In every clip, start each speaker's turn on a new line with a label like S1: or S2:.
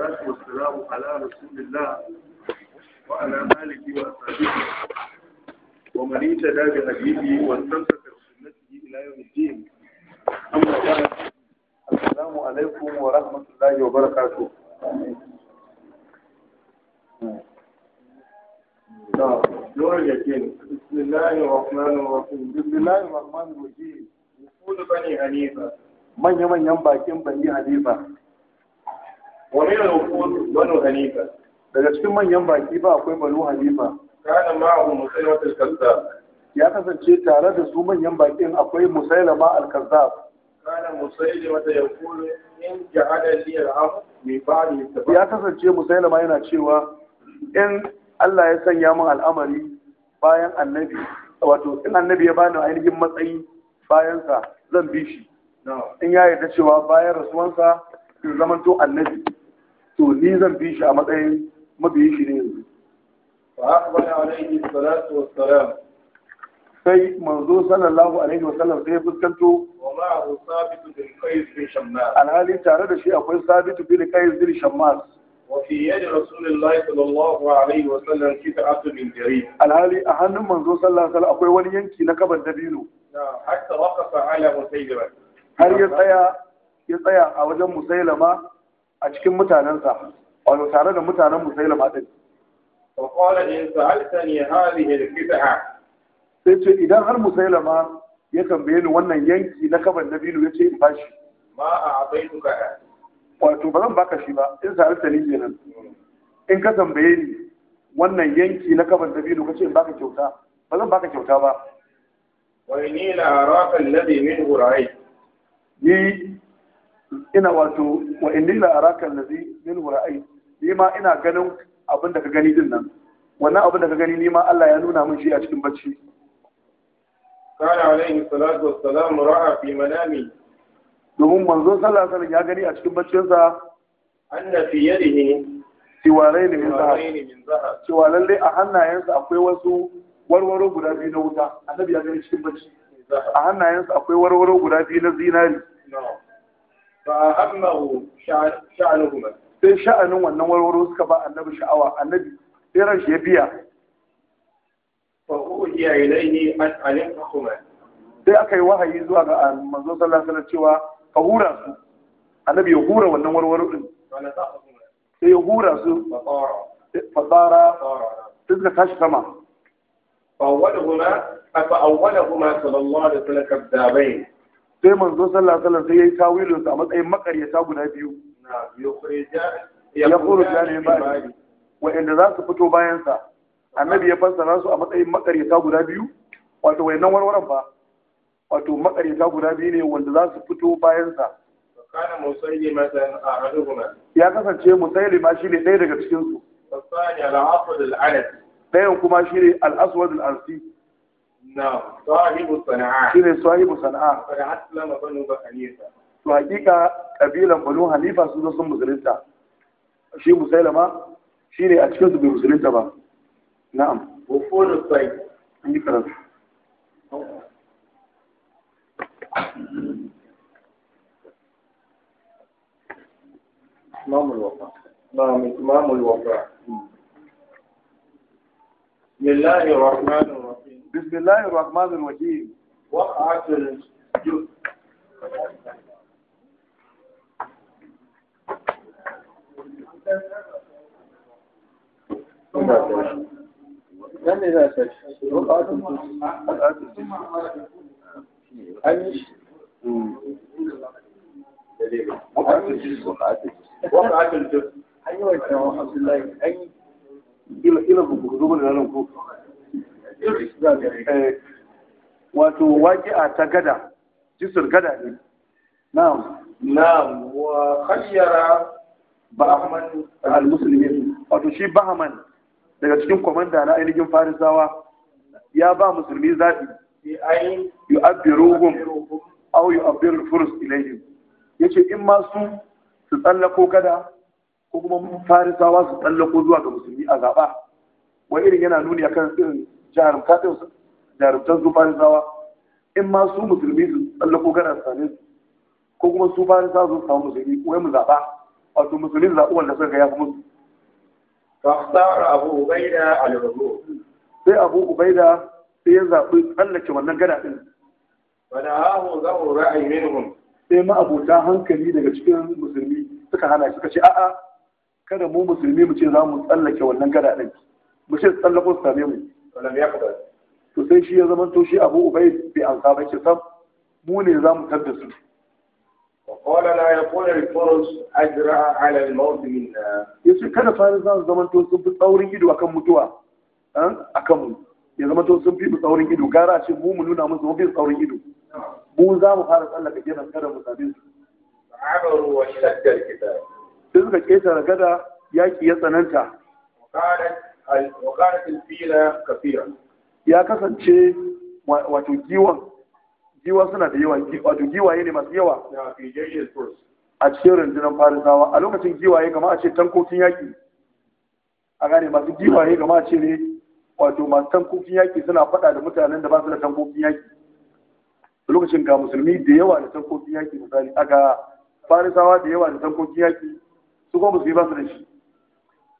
S1: والصلاة والسلام على رسول الله وعلى آله وأصحابه ومن اهتدى بهديه واستمسك بسنته إلى يوم الدين أما بعد السلام عليكم ورحمة الله وبركاته
S2: بسم الله الرحمن الرحيم بسم الله الرحمن الرحيم وصول بني حنيفة
S1: من يمن ينبع كم بني حنيفة
S2: wa min al-wuqud banu hanifa
S1: daga cikin manyan baki ba akwai banu hanifa kana ma'ahu musailama al-kazzab ya kasance tare da su manyan bakin akwai musailama al-kazzab kana
S2: musailama ta yaqulu in
S1: ja'ala li al-amr min ba'di ya kasance musailama yana cewa in Allah ya sanya min al'amari bayan annabi wato in annabi ya bani ainihin matsayi bayansa zan bi shi in ya yarda cewa bayan rasuwansa in zamanto annabi to ni zan bi shi a matsayin mabiyin shi ne yanzu فأقبل عليه الصلاة والسلام sai manzo sallallahu alaihi wa sallam sai fuskanto
S2: wa ma'ahu sabit bin qais bin shammas
S1: alhali tare da shi akwai Sabitu, bin qais bin shammas wa fi yadi rasulillahi sallallahu alaihi wa sallam kita'atu min jarid alhali a hannun manzo sallallahu alaihi akwai wani yanki na kaban dabino
S2: hatta waqafa ala musaylama
S1: har ya tsaya ya tsaya a wajen musaylama a cikin mutanensa wato tare da mutanen musailama din
S2: fa
S1: sai ce idan har musailama ya tambaye ni wannan yanki na kaban ya ce in bashi ma a abaituka wato ba zan baka shi ba in ne kenan in ka tambaye ni wannan yanki na kaban ka ce in baka kyauta ba zan baka kyauta ba wani inni la araka alladhi minhu ra'ayt ni ina wato wa inni la araka allazi min ra'ay ni ma ina ganin abin da ka gani din nan wannan abin da ka gani ni ma Allah ya nuna min shi a cikin bacci kana alaihi salatu wassalam ra'a fi manami domin manzon sallallahu alaihi wasallam ya gani a cikin baccinsa
S2: anna fi yadihi
S1: siwarai ne min
S2: zahab
S1: cewa lalle a hannayensa akwai wasu warwaro guda biyu na wuta annabi ya gani cikin bacci a hannayensa akwai warwaro guda biyu na zinari
S2: fa hammahu
S1: sai sha'anin wannan warwaro suka ba annabi sha'awa annabi sai ran shi ya biya fa uhiya ilayni an alimahuma sai aka yi wahayi zuwa ga manzo sallallahu alaihi wasallam cewa ka hura su annabi ya hura wannan warwaro din sai ya hura su tsara sai suka tashi sama
S2: fa awwalahuma fa awwalahuma sallallahu alaihi
S1: wasallam kadabain sai manzo sallallahu alaihi wasallam sai yayi tawilin sa matsayin makaryata guda biyu ya khuruja ne ba inda za su fito bayan sa annabi ya fassara su a matsayin makaryata guda biyu wato nan warwaran ba wato makaryata guda biyu ne wanda za su fito bayan sa kana a san ahaduhuma ya kasance ma shine ɗaya daga cikin su tsani al-aswad al-anasi ɗayan kuma shine al-aswad al-anasi
S2: نعم. صاحب صنعاء
S1: صاحب صنعاء فرعت لما بنو بحنيفة وحقيقة قبيلة بنو حنيفة سنة سنة مسلمة شيء مسلمة شيء لي أتكلم بمسلمة بقى نعم
S2: وفور الطيب عندي كلام
S1: إمام الوفاء نعم إمام الوفاء
S2: بسم الله الرحمن الرحيم
S1: بسم الله الرحمن الرحيم وقعت الجزء
S2: وقعت الجزء
S1: وقعت الجزء أيوة يا عبد الله أي Eh, wato a ta gada jisur gada ne na'am na'am wa khayyara bahaman al-muslimin wato shi bahaman daga cikin komanda na ainihin farisawa ya ba musulmi zaɓi yu'abbiruhum aw yu'abbiru furus ilayhim yace in ma su su tsallako gada ko kuma farisawa su tsallako zuwa ga musulmi a zaba wani irin yana nuni akan irin jarumtar su farisawa in ma su musulmi su tsallako su sane su ko kuma su farisawa su samu musulmi ko mu zaɓa wato musulmi zaɓi wanda suka ya fi musu
S2: fasar abu ubaida
S1: al sai abu ubaida sai ya zaɓi tsallake wannan gada ɗin wani hahu mu ra'ayi minhum sai ma'abuta hankali daga cikin musulmi suka hana suka ce a'a kada mu musulmi mu ce za mu tsallake wannan gada ɗin mu ce tsallako su same mu walam ya kabar to sai shi ya zama to shi abu ubai bai an ba shi sam mu ne zamu za mu tabda su
S2: وقال لا يكون الفرس
S1: أجرى على الموت منا يسي كان فارسان زمن تو سن في tsaurin ido akan mutuwa eh, akan mu ya zama to sun fi mu tsaurin ido gara ce mu mu nuna musu mu fi tsaurin ido mu za mu fara tsallaka kenan kada mu sabe su abaru wa shaddal kitab sai suka ketare gada yaki ya tsananta ya kasance wato giwan giwan suna da yawa wato giwaye ne masu yawa a cikin rundunar farisawa a lokacin giwaye kama a ce tankokin yaƙi a gane masu giwaye kama a ce ne wato masu tankokin yaƙi suna faɗa da mutanen da ba su da tankokin yaƙi a lokacin ga musulmi da yawa da tankokin yaƙi misali a ga farisawa da yawa da tankokin yaƙi su kuma musulmi ba su da shi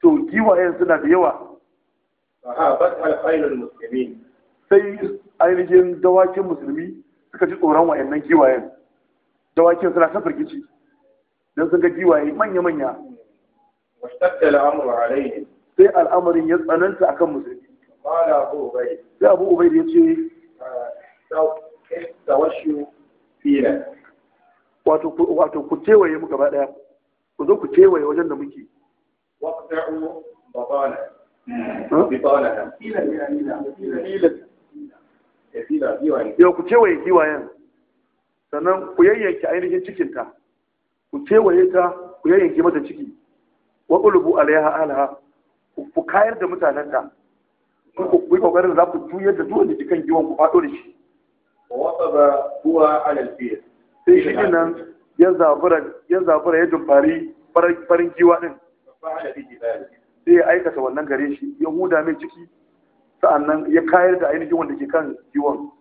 S1: to giwayen suna da yawa
S2: sahabat alkhairul muslimin
S1: sai ainihin dawakin musulmi suka ji tsoron wayannan giwayen dawakin suna ta firgici don sun ga giwaye manya-manya
S2: sai
S1: al'amarin ya tsananta akan musulmi sai abu ubai sai ya ce wato ku kewaye mu gaba daya ku zo ku kewaye wajen da muke waqta'u babana Yau eh, ku kewaye giwayen, sannan ku yayyanki ainihin cikinta, ku kewaye ta ku yayyanki mata ciki, wa ƙulubu alaiha alaha, ku kayar da mutanenta, ku yi ƙoƙarin za ku juyar da duwanda jikan giwon ku faɗo da shi.
S2: Wata ba kuwa
S1: Sai shi nan ya zafura ya dumfari farin giwa ɗin. sai ya aikata wannan gare shi ya huda mai ciki sa'annan ya kayar da ainihin wanda ke kan giwon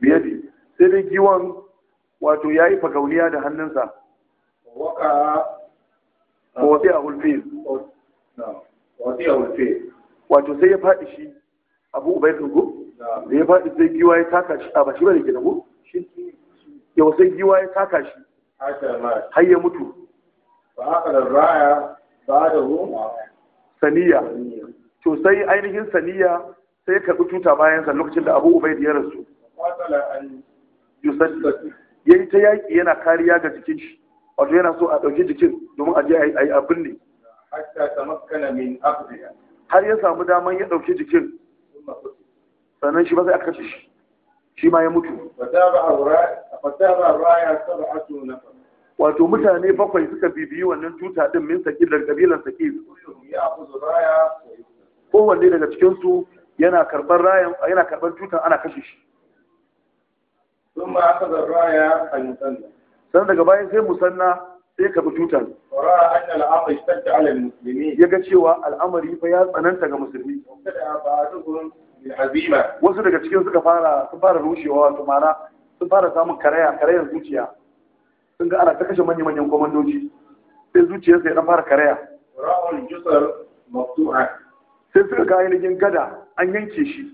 S1: biyadi sai dai giwon wato ya yi fagauniya da hannunsa wafi a hulfe wato sai ya faɗi shi abu ubai tugu da ya faɗi sai giwa ya taka shi a ba shi ba da ke nago yau sai giwa ya taka shi har ya mutu saniya to sai ainihin saniya sai ya karɓi tuta bayansa lokacin da abu ubaid ya rasu ya yi ta yaƙi yana kariya ga jikin shi wato yana so a ɗauki jikin domin ajiye a yi abin ne har ya samu daman ya ɗauki jikin sannan shi ba sai aka kashe shi shi ma ya mutu fasaba raya sab'atu nafar wato mutane bakwai suka bibiyi wannan tuta din min sakir da kabilan sakir kowanne daga cikin su yana karban rayan yana karban tutan ana kashe shi
S2: sun ba aka da a musanna
S1: daga bayan sai musanna sai karbi tutan ya ga cewa al'amari fa ya tsananta ga musulmi wasu daga cikin suka fara sun fara rushewa wato mana sun fara samun karaya karayan zuciya sun ga ana ta kashe manyan manyan komandoji sai zuciyarsa ya dan fara karaya sai suka ga ainihin gada an yanke shi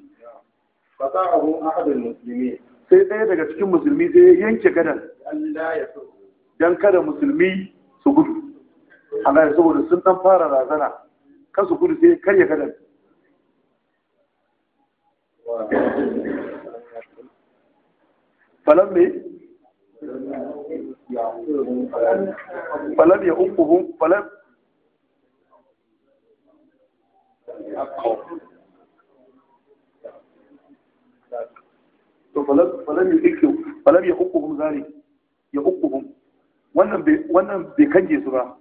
S1: sai ɗaya daga cikin musulmi sai ya yanke gadan don kada musulmi su gudu a ya saboda sun dan fara razana kan su gudu sai karya gadan falon mai falam ya wannan bai wannan bai kange su ba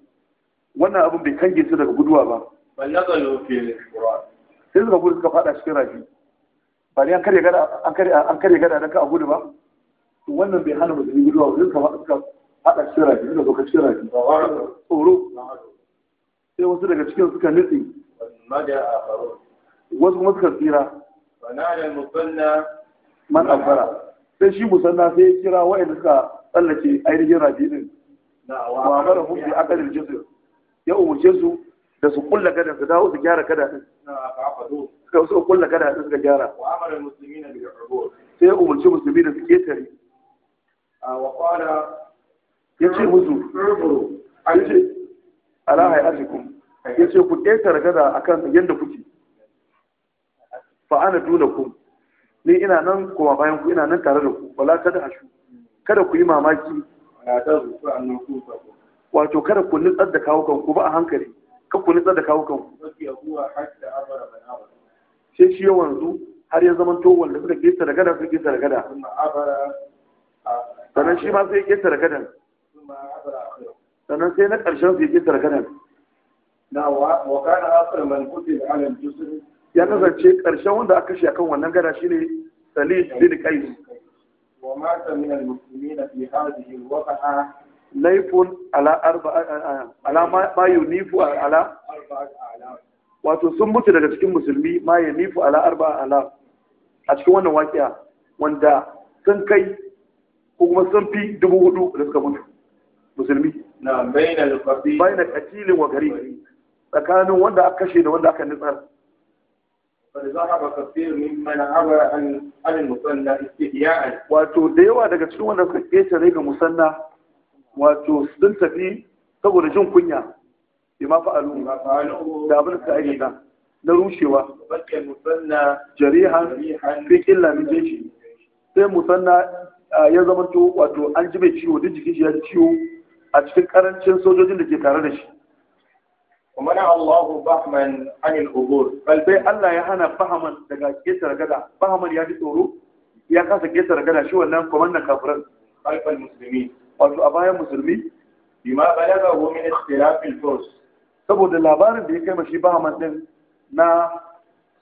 S1: wannan abin bai kange su daga guduwa ba sai suka gudu suka fada cikin rafi ba ne an karya gada an karya da ka gudu ba wannan bai hana musulmi guduwa ba haɗa cikin rafi suka sauka cikin rafi tsoro sai wasu daga cikin suka nutse wasu kuma suka tsira
S2: man afara
S1: sai shi musanna sai ya kira wa'anda suka tsallake ainihin rafi din wa amara hum bi aqdil jisr ya umarce su da su kulla gada su dawo su gyara gada din suka su kulla gada din suka gyara wa amara muslimina sai umurce musulmi da su ketare wa ya ce musu an ce ala ya ce ku ƙetare gada a kan yadda kuke fa'ana duna ku ni ina nan kuma bayan ku ina nan tare da ku wala kada hashu kada ku yi mamaki wato kada ku nutsar da kawo kanku ba a hankali kada ku nutsar da kawo kanku sai shi yawanzu har ya zama to wanda suka ƙetare gada suka ƙetare gada sannan shi ma sai ƙetare gadan sannan sai na ƙarshen su yake tarkanan na wa kana asar man da ala jusr ya kasance ƙarshen wanda aka kashe akan wannan gada shine Salih bin Qais wa mata min al-muslimin fi hadhihi al-waqa'a laifun ala arba'a ala ma yunifu ala wato sun mutu daga cikin musulmi ma yunifu ala arba'a ala a cikin wannan waƙiya wanda sun kai ko kuma sun fi dubu hudu da suka mutu musulmi bayan bainal wa gari tsakanin wanda aka kashe da wanda aka nutsar wato da yawa daga cikin wanda suka ƙetare ga musanna wato sun tafi saboda jin kunya ma fa'alu da abin ka aiki na rushewa jarihan fi illa min jeshi sai musanna ya zama to wato an ji mai ciwo duk jikin shi ya ciwo a cikin karancin sojojin da ke tare da shi ومنع Allahu Bahman anil العبور بل Allah ya hana Bahman daga ketar gada Bahman ya ji tsoro ya kasa ketar gada shi wannan komandan kafirin alfal musulmi wato a bayan musulmi bima balaghahu ga ikhtilaf al sos. saboda labarin da ya kai mashi Bahman din na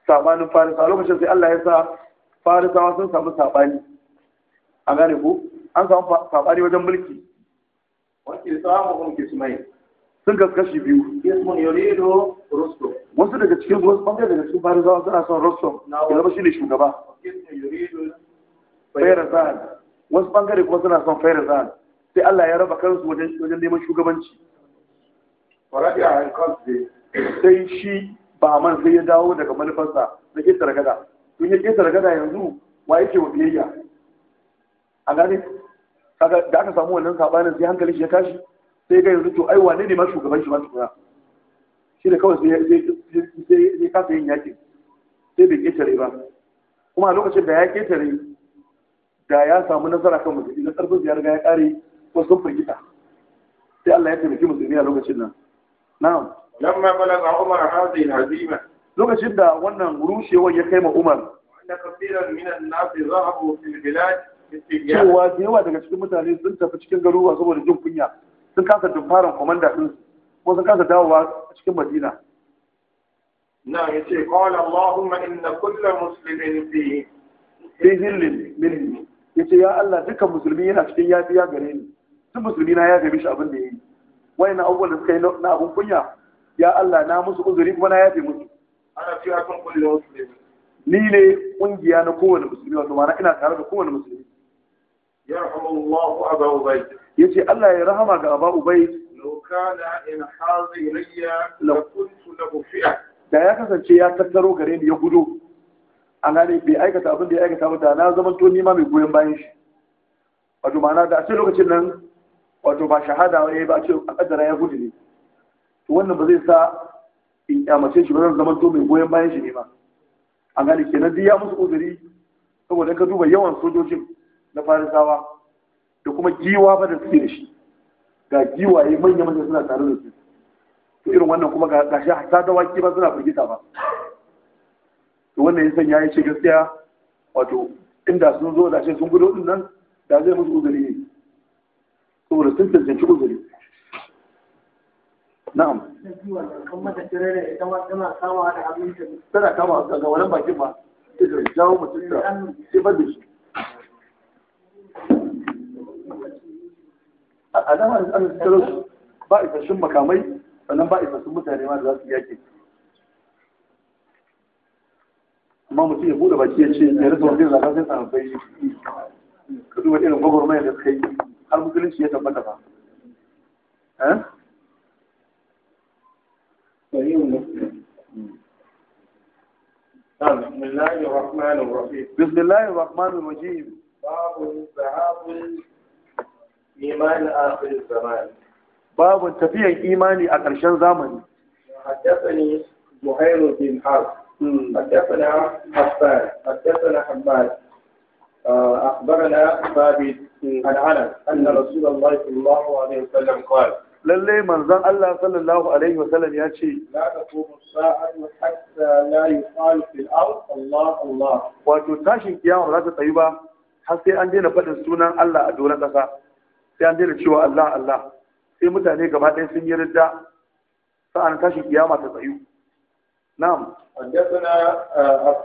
S1: sabanin faris a lokacin sai Allah ya sa farisawa sun samu saɓani. a gane ku an samu sabani wajen mulki wanke samun kismai sun kaskashi biyu kismun yurido rustum wasu daga cikin wasu bangare daga cikin farisawa suna son rustum ya zama shine shugaba fairazan wasu bangare kuma suna son fairazan sai Allah ya raba kansu wajen wajen neman shugabanci sai shi ba man sai ya dawo daga manufarsa na ƙetare gada tun ya ƙetare gada yanzu wa yake wa biyayya a gane kaga da aka samu wannan sabanin sai hankali shi ya tashi sai ga yanzu to ai wane ne ma shugaban shi ma tukuna shi da kawai sai ya kasa yin yakin sai bai ketare ba kuma a lokacin da ya ketare da ya samu nasara kan musulmi na karfin ya riga ya kare ko sun firgita sai Allah ya taimaki musulmi a lokacin nan na'am
S2: lamma balaga umar hadhihi hazima
S1: lokacin da wannan rushewar ya kai ma umar
S2: inna kafiran minan nasi zahabu fil bilad cewa
S1: da yawa daga cikin mutane sun tafi cikin garuruwa saboda jin kunya sun kasa dumfarin komanda ɗin ko sun kasa dawowa cikin madina
S2: na ya ce kawai allahumma inna kulla musulmin fi
S1: fi hillin minni ya ce ya allah dukkan musulmi yana cikin yafiya gare ni tun musulmi na ya gabe shi abin da ya yi wani na abubuwan da suka yi na abin kunya ya allah na musu uzuri kuma na yafe musu ana cewa kan kulle musulmi ni ne kungiya na kowane musulmi wato ma'ana ina tare da kowane musulmi yarhamullahu aba ubayd yace Allah ya rahama ga aba bai.
S2: Lokana kana in hazi ilayya la kuntu
S1: da ya kasance ya tattaro gare ni ya gudu an gane bai aikata abin da ya aikata ba da na zama to nima mai goyon bayan shi wato ma'ana da a ce lokacin nan wato ba shahada ya yi eh, ba a ce a kaddara ya gudu ne to wannan ba zai sa in kyamace shi ba zan zama to mai goyon bayan shi ne ba an gane kenan duk ya musu uzuri saboda ka duba yawan sojojin na farisawa da kuma giwa ba da suke da shi ga giwaye manya manya suna tare da su to irin wannan kuma ga gashi hatta dawaki ba suna firgita ba to wannan ya sanya ya ce gaskiya wato inda sun zo da shi sun gudu din nan da zai musu uzuri ne saboda sun tantance uzuri na'am tana kama ga wannan bakin ba jawo mutum da sai bar da shi a nan an tsanin talauci ba isassun makamai sannan ba isassun mutane ma da za su yaƙi amma mutum ya buɗe baki ya ce ya rasa wani zaka sai sahabbai ka duba irin gwagwarmayar da suka yi har musulunci ya tabbata ba
S2: بسم الله الرحمن الرحيم بسم الله
S1: الرحمن الرحيم باب ذهاب إيمان آخر
S2: الزمان
S1: باب تفيع إيماني أقرشان زمن
S2: حدثني مهير بن حرب حدثنا حبان حدثنا حبان
S1: أخبرنا ثابت عن أنس أن رسول الله صلى الله عليه وسلم قال lallai manzon Allah sallallahu alaihi sallam, ya ce la taqumu sa'atu hatta la yuqalu fil ard Allah Allah wato tashin kiyama ba za ta tsayu ba har sai an daina faɗin sunan Allah a doron ƙasa sai an daina cewa Allah Allah sai mutane gaba ɗaya sun yi ridda sa'an tashi kiyama ta tsayu na'am
S2: haddathana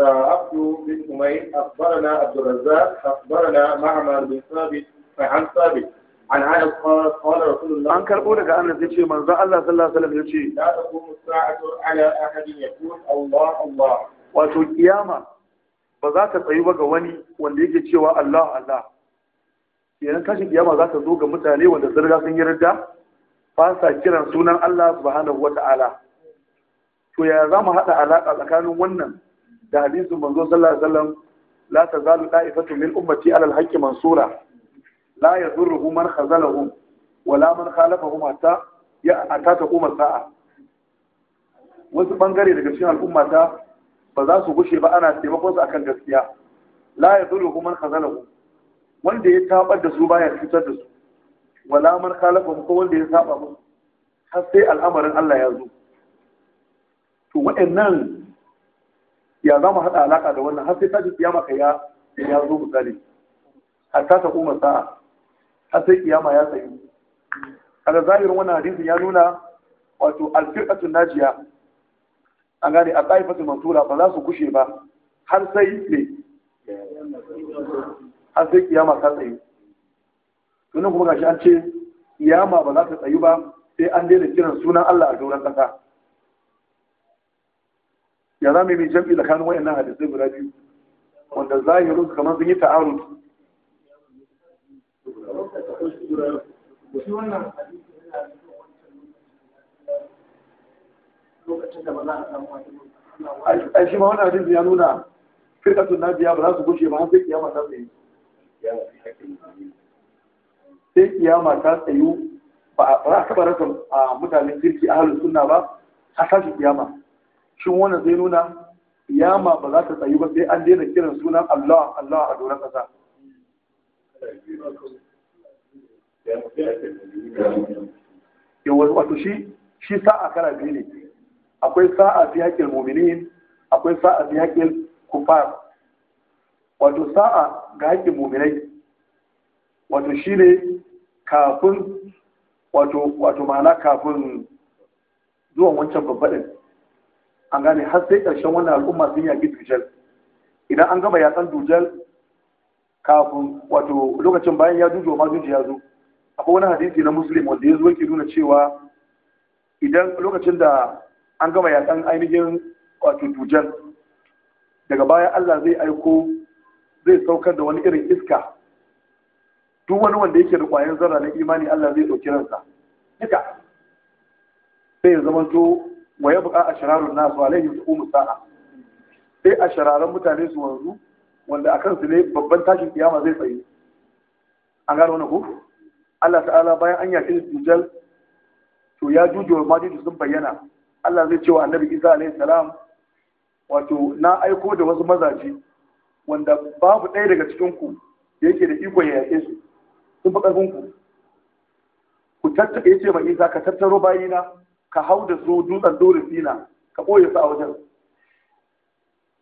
S2: عبد بن حميد
S1: اخبرنا عبد الرزاق اخبرنا معمر بن ثابت عن ثابت عن انس قال قال رسول الله ان كربو daga Allah sallallahu alaihi wasallam yace la taqumu sa'atu ala ahadin yaqul Allah Allah wato kiyama ba za ta tsayu ba ga wani wanda yake cewa Allahu! Allah idan tashin kiyama za ta zo ga mutane wanda sun riga sun yi rida ba sa kiran sunan Allah subhanahu wa ta'ala to ya za mu haɗa alaƙa tsakanin wannan da hadisin manzo sallallahu alaihi wasallam la tazalu da'ifatu min ummati ala al-haqqi mansura la yadurruhu man khazalahum wala man khalafahum hatta ya atata umma sa'a wasu bangare daga cikin al'ummata ba za su gushe ba ana taimakon su akan gaskiya la yadurruhu man khazalahum wanda ya tabar da su baya cutar da su wala man khalafa ko wanda ya saba musu har sai al'amarin Allah ya zo to waɗannan ya zama hada haɗa alaƙa da wannan har sai tashi kiyama kai ya ya zo misali hatta ta kuma sa'a har sai kiyama ya tsayi kaga zahirin wannan hadisi ya nuna wato al-firqatu najiya an gane a ƙaifatul mansura ba za su kushe ba har sai ne har sai kiyama ta tsaye. sunan kuma gashi an ce kiyama ba za ta tsayu ba sai an daina kiran sunan Allah a doron ƙasa ya za mai jam'i tsakanin wayannan hadisai guda biyu wanda zahirin kamar sun yi ta'arud a shi ma wannan hadisi ya nuna firkatun na biya ba za su gushe ba An sai kiyama ta tsaye. sai kiyama ta tsayu ba a taɓa rasa a mutanen kirki a halin suna ba a tashi kiyama shin wannan zai nuna kiyama ba za ta tsayu ba sai an daina kiran sunan Allah Allah a doron ƙasa yawon wato shi shi sa'a kara biyu ne akwai sa'a fi haƙƙin muminin akwai sa'a fi haƙƙin kufar wato sa'a ga haƙƙin muminai wato shi ne kafin wato ma'ana kafin zuwan wancan babbaɗin an gane har sai ƙarshen wannan al'umma sun yaƙi dujal idan an gama yaƙan dujal kafin wato lokacin bayan ya dujo ma juji ya zo akwai wani hadisi na muslim wanda ya zo yake nuna cewa idan lokacin da an gama yaƙan ainihin wato dujal daga baya Allah zai aiko zai saukar da wani irin iska duk wani wanda yake da ƙwayar zarra na imani Allah zai ɗauki ransa duka sai ya zama to wa ya buƙa a shirarun nasu alaihi su umu sa'a sai a shirarun mutane su wanzu wanda a kansu ne babban tashin kiyama zai tsaye an gano wani ku Allah ta'ala bayan an yaƙi dujal to ya jujuwa ma juju sun bayyana Allah zai ce wa annabi Isa alaihi salam wato na aiko da wasu mazaje wanda babu ɗaya daga cikinku da yake da ikon ya yaƙe su sun fi ƙarfinku, ku tattaka ya ce ma isa ka tattaro bayina ka hau da su dutsen dorin sina ka ɓoye su a wajen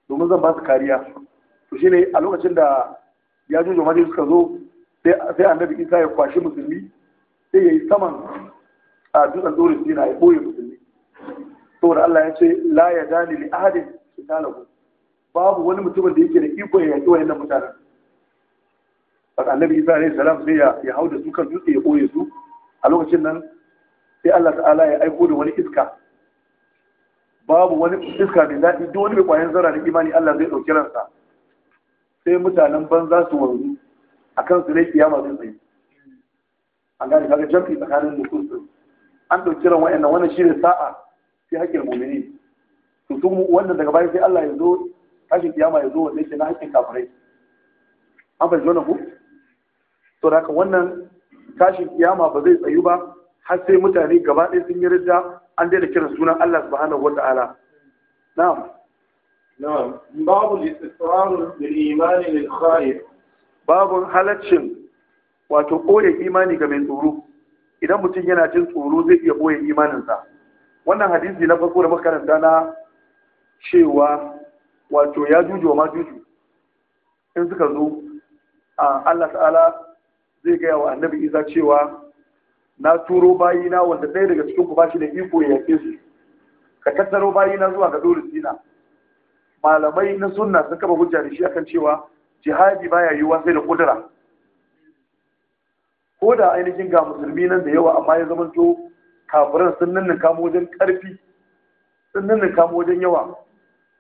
S1: domin zan ba su kariya to shine a lokacin da ya juju majalis suka zo sai annabi isa ya kwashi musulmi sai ya yi saman a dutsen dorin sina ya ɓoye musulmi saboda Allah ya ce la ya dani li ahadin su ku. babu wani mutumin da yake da iko ya yaƙi wayannan mutanen ba annabi isa alaihi salam sai ya ya hau da su kan dutse ya koye su a lokacin nan sai Allah ta'ala ya aiko da wani iska babu wani iska mai daɗi duk wani mai ƙwayan zara da imani Allah zai ɗauki ransa sai mutanen banza su wanzu a kan su ne kiyama zai tsaye an gane kaga jamfi tsakanin nufus din an ɗauki ran wa'annan wannan shi ne sa'a sai haƙƙin mumini to su wannan daga baya sai Allah ya zo tashin kiyama ya zo wanda yake na haƙƙin kafirai an fahimci wannan ku to da haka wannan tashin kiyama ba zai tsayu ba har sai mutane gaba ɗaya sun yi rijiya an daina kiran sunan Allah subhanahu wata'ala na'am na'am babu istisrar bil imani lil khair babu halaccin wato koye imani ga mai tsoro idan mutum yana jin tsoro zai iya boye imaninsa wannan hadisi na farko da makaranta na cewa wato ya juju wa ma juju in suka zo Allah ta'ala zai gaya wa annabi isa cewa na turo bayina wanda ɗaya daga cikin ku bashi da iko ya yake su ka tattaro bayina zuwa ga dole sina malamai na sunna sun kaba hujja da shi akan cewa jihadi baya yiwuwa sai da kudura ko da ainihin ga musulmi nan da yawa amma ya zama to kafiran sun nannin karfi sun nannin wajen yawa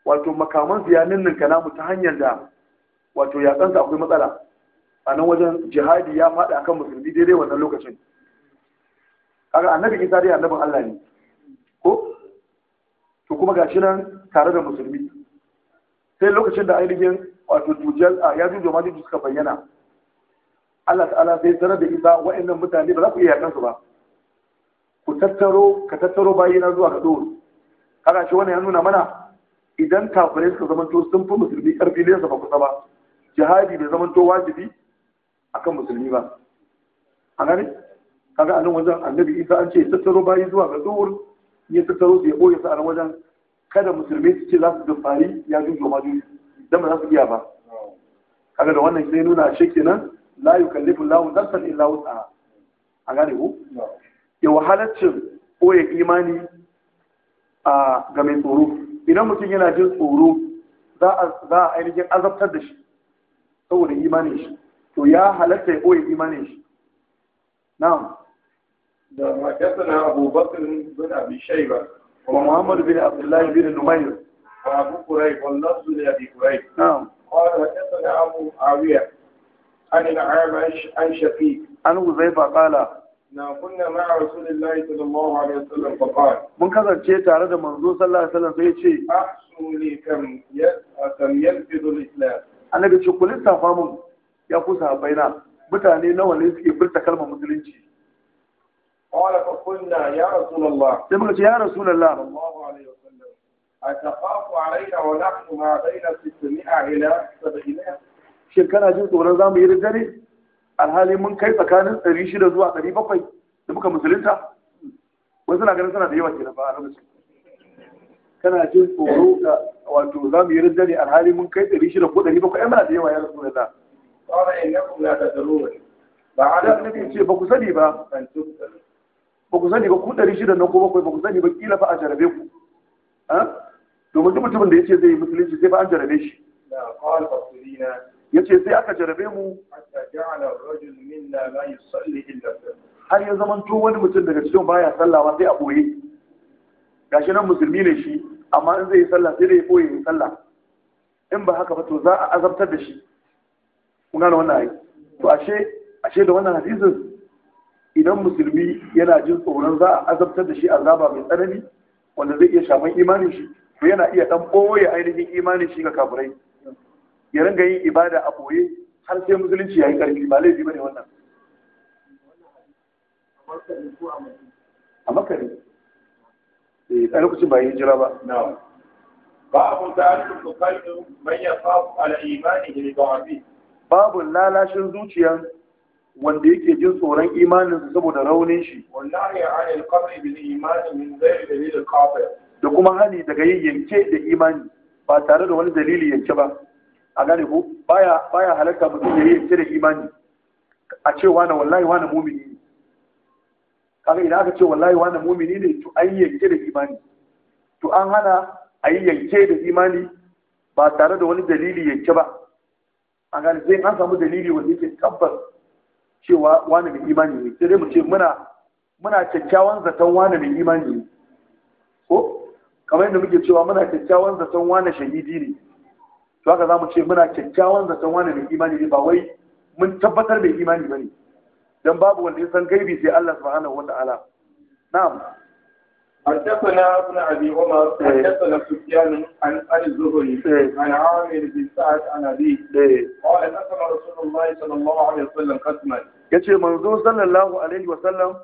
S1: wato makaman ya ninninka namu ta hanyar da wato yaƙansa akwai matsala a nan wajen jihadi ya faɗi akan musulmi daidai wannan lokacin kaga annabi isa dai annabin Allah ne ko to kuma gashi nan tare da musulmi sai lokacin da ainihin wato a ya jujo ma suka bayyana Allah ta'ala sai sanar da isa wa'annan mutane ba za ku iya yaƙansu ba ku tattaro ka tattaro bayina zuwa ga dole kaga shi wannan ya nuna mana idan kafirai suka to sun fi musulmi karfi nesa ba kusa ba jihadi bai to wajibi akan musulmi ba a gani kaga anan wajen annabi isa an ce ya tattaro bayi zuwa ga zuwur ya tattaro su ya boye su a nan wajen kada musulmi su ce za su dumfari ya jujo ma juju dan ba za su iya ba kaga da wannan sai nuna ashe kenan la yukallifu llahu nafsan illa wus'aha a gane ku ya halaccin boye imani a ga mai tsoro idan mutum yana jin tsoro za a ainihin azabtar da shi saboda imanin shi to ya halatta ya ɓoye imanin shi na'am
S2: da matasana abubakar bin abi shaiba kuma muhammad bin
S1: abdullahi bin numayr wa abu kurai su ne abi kurai na'am qala na abu awiya an na amash an shafi an ba kala. mun kasance tare da manzo sallallahu alaihi wasallam sai ya ce annabi ya ku sahabbai baina. mutane nawa ne suke furta kalmar musulunci
S2: qala ka kunna ya rasulullah
S1: sai muka ce ya rasulullah sallallahu
S2: alaihi wasallam ataqafu alaina wa nahnu ma ila
S1: shin jin tsoron zamu yi dare alhali mun kai tsakanin 600 zuwa 700 da muka musulunta wasu na ganin suna da yawa ke ba a lokacin kana jin tsoro da wato za mu yi rinda ne alhali mun kai 600 ko 700 ai muna da yawa ya rasu da za ba a da nake ce ba ku sani ba ba ku sani ba ku 600 na ko bakwai ba ku sani ba kila fa a jarabe ku ah? domin duk mutumin da ya ce zai yi musulunci sai ba an jarabe shi yace sai aka jarabe mu har ya zama to wani mutum daga cikin baya sallawa sai a boye gashi nan musulmi ne shi amma in zai yi sallah sai dai ya boye yi sallah in ba haka ba to za a azabtar da shi kun gane wannan ai to ashe ashe da wannan hadisin idan musulmi yana jin tsoron za a azabtar da shi azaba mai tsanani wanda zai iya shafan imanin shi to yana iya dan boye ainihin imanin shi ga kafirai ya ringa yin ibada a boye har sai musulunci ya yi ƙarfi ba laifi bane wannan a makare eh, a lokacin ba yi jira ba
S2: babu ta'addud qalbi man yaqaf ala imanihi li da'afi
S1: babu lalashin zuciyan wanda yake jin tsoron imanin su saboda raunin shi wallahi anil qabri bil imani min ghairi dalil qati da kuma hani daga yin yanke da imani ba tare da wani dalili yanke ba a gane ko baya baya halarta mutum ya yi da imani a ce wani wallahi wani mumini ne kaga idan aka ce wallahi wani mumini ne to an yanke da imani to an hana a yi yanke da imani ba tare da wani dalili yanke ba a gane sai an samu dalili wanda yake tabbas cewa wani mai imani ne sai dai mu ce muna muna kyakkyawan zaton wani mai imani ne ko kamar yadda muke cewa muna kyakkyawan zaton wani shahidi ne to haka za mu ce muna kyakkyawan zaton wani mai imani ne ba wai mun tabbatar mai imani ba ne don babu wanda ya san gaibi sai Allah subhanahu wa ta'ala na'am حدثنا ابن ابي a حدثنا سفيان عن عن الزهري عن عامر بن سعد عن ابي قال قسم رسول الله صلى a عليه وسلم Ya ce, manzo sallallahu alaihi wasallam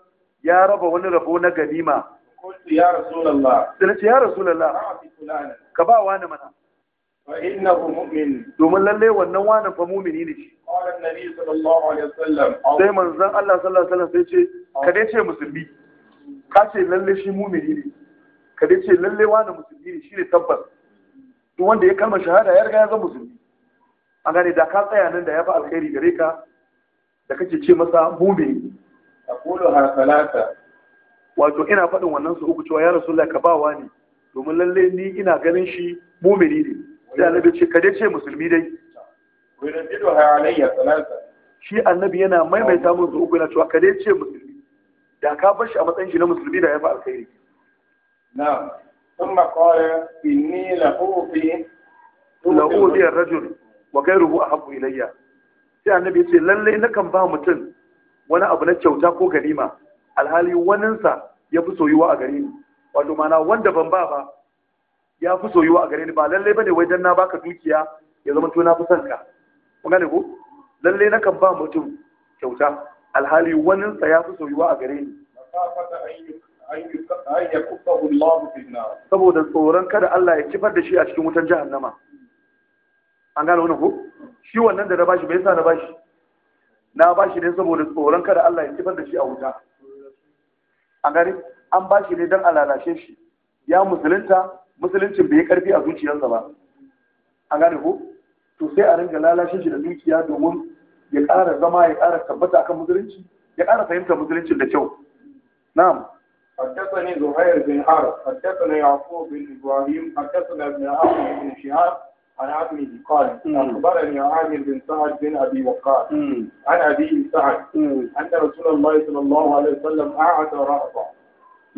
S1: ya raba wani rabo na ganima qultu ya rasulullah sai ce ya rasulullah ka ba wani mana domin lallai wannan wani fa mumini ne shi sai manzon Allah sallallahu alaihi wasallam sai ce ka dai ce musulmi ka ce lallai shi mumini ne ka dai ce lallai wani musulmi ne shi ne tabbas duk wanda ya kalma shahada ya riga ya zama musulmi an gane da ka tsaya nan da ya fi alkhairi gare ka da kake ce masa mumini aqulu har salata wato ina faɗin wannan su uku cewa ya rasulullah ka ba wani domin lallai ni ina ganin shi mumini ne sai annabi ce ka dai ce musulmi dai shi annabi yana maimaita mun su uku yana cewa ka ce musulmi da ka bashi a matsayin shi na musulmi da ya fi alkhairi Na na'am ثم قال إني لأوفي لأوفي الرجل وغيره أحب إلي sai annabi ce lallai nakan ba mutum wani abu na kyauta ko ganima alhali waninsa ya fi soyuwa a gare ni wato mana wanda ban ba ba ya fi soyuwa a gare ni ba lallai bane wai dan na baka dukiya ya zama to na fi son ka kun gane ko Lallai na kan ba mutum kyauta alhali wanin sa ya fi soyuwa a gare ni saboda tsoron kada Allah ya kifar da shi a cikin wutan jahannama an gane wannan ko shi wannan da na bashi bai sa na bashi na bashi ne saboda tsoron kada Allah ya kifar da shi a wuta an gane an bashi ne don a lalace shi ya musulunta musuluncin bai yi karfi a zuciyarsa ba a gane ko to sai a ringa lalashin shi da dukiya domin ya ƙara zama ya ƙara tabbata akan musulunci ya ƙara fahimtar musuluncin da kyau na'am
S2: حدثني زهير بن حرب حدثنا يعقوب بن ابراهيم حدثنا ابن عمرو بن شهاب عن عمه قال اخبرني عامر بن
S1: سعد بن ابي وقاص عن ابي سعد ان رسول الله صلى الله عليه وسلم اعد رهبه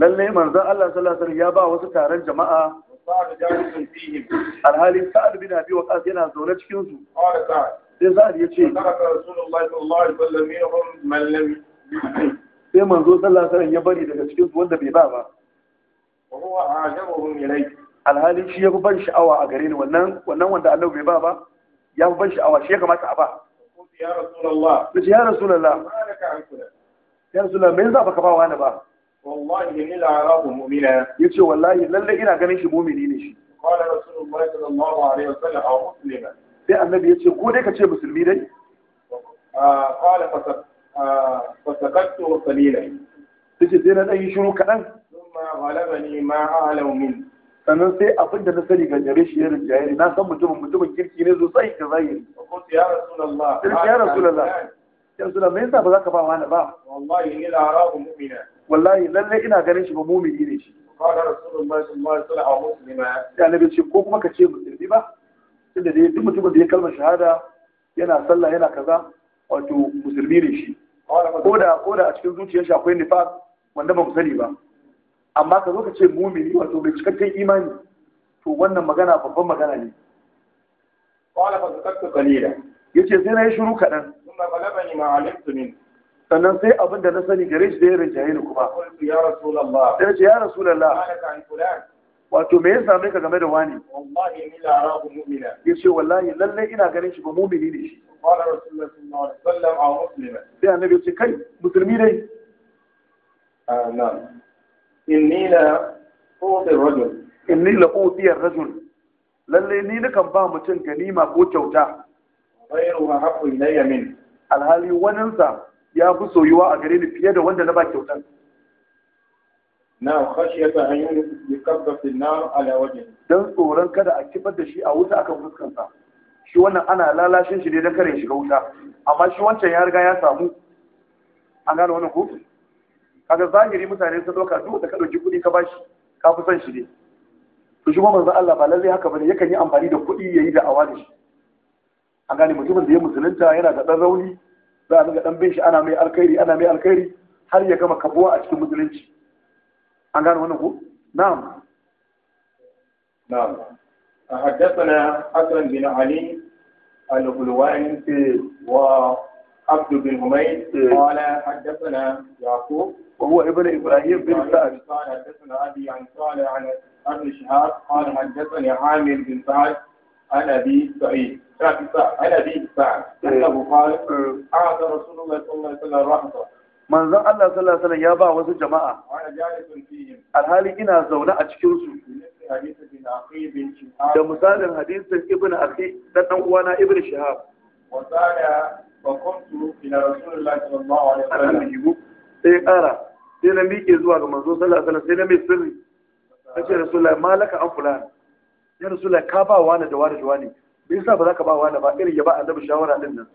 S1: lalle manzon Allah sallallahu alaihi wasallam ya ba wasu taron jama'a alhali sa'ad bin abi waqas yana zaune cikinsu. sai sa'ad ya ce sai manzo sallallahu ya bari daga cikinsu wanda bai ba ba alhali shi ya fi ban sha'awa a gare ni wannan wanda Allah bai ba ba ya fi ban sha'awa shi ya kamata a ba
S2: ya rasulullah ya rasulullah
S1: ya rasulullah me yasa baka ba wani ba wallahi inni la arahu mu'mina yace wallahi lalle ina ganin shi mu'mini ne shi qala rasulullahi sallallahu alaihi wasallam aw muslima sai annabi yace ko dai ka ce musulmi dai
S2: ah, qala ah, fasaqtu qalilan
S1: yace sai na dan yi shiru kadan thumma ghalabani ma sannan sai abin da na sani ga gare shi yarin jayari na san mutumin mutumin kirki ne sosai ga zahiri ya
S2: rasulullah ya rasulullah
S1: yanzu suna me yasa ba za ka ba wani ba
S2: wallahi ni arabu
S1: mu'mina wallahi lalle ina ganin shi ba mu'mini ne shi qala rasulullahi sallallahu alaihi wasallam ya nabi ce ko kuma ka ce musulmi ba tunda dai duk mutumin da ya kalmar shahada yana sallah yana kaza wato musulmi ne shi ko da ko da a cikin zuciyar shi akwai nifaq wanda ba ku sani ba amma ka zo ka ce mumini wato mai cikakken imani to wannan magana babban magana ne
S2: qala fa zakatu qalila
S1: yace sai na yi shiru kaɗan ثم غلبني ما علمت منه sannan sai abin da na sani gare shi da ya rinjaye ni kuma ya rasulullah sai ce ya rasulullah wato me ya same ka game da wani
S2: wallahi ni la arahu mu'mina
S1: yace wallahi lalle ina ganin shi ba mu'mini ne shi
S2: qala rasulullah sallallahu alaihi wasallam aw muslima
S1: sai annabi ya ce kai musulmi dai ah, na'am inni la uti rajul inni la uti rajul lalle ni nukan ba mutum ganima ko kyauta wa haqqi ilayya yamin. alhali waninsa ya fi soyuwa a gare ni fiye da wanda na ba kyautar na khashiyata an yukabba fil nar ala wajhi Don tsoron kada a kifar da shi a wuta akan fuskarsa shi wannan ana lalashin shi ne don kare shiga wuta amma shi wancan ya riga ya samu an gane wannan kofi. kaga zahiri mutane sun dauka duk da ka dauki kuɗi ka bashi ka fi son shi ne to shi kuma manzo Allah ba lalle haka bane yakan yi amfani da kuɗi yayi da awa da shi an gane mutumin da ya musulunta yana da ɗan rauni za a ga ɗan bin shi ana mai alkhairi ana mai alkhairi har ya gama kabuwa a cikin musulunci an gane wannan ko na'am
S2: na'am حدثنا حسن بن علي الغلواني وعبد بن حميد قال حدثنا يعقوب
S1: وهو ابن ابراهيم بن
S2: سعد قال حدثنا ابي عن صالح عن ابن شهاب قال حدثني عامر بن سعد عن أبي سعيد عن أبي
S1: الله صلى الله عليه وسلم manzon Allah ya ba wasu jama'a alhali ina zaune a cikin su da misalin hadisin ibn akhi da dan uwana ibn shihab sai sai na miƙe zuwa ga manzo sallallahu alaihi sai na mai sirri sai rasulullahi malaka an ya rasula ka ba wani da wani da wani bai yasa ba za ka ba wani ba irin ya ba annabi shawara din nan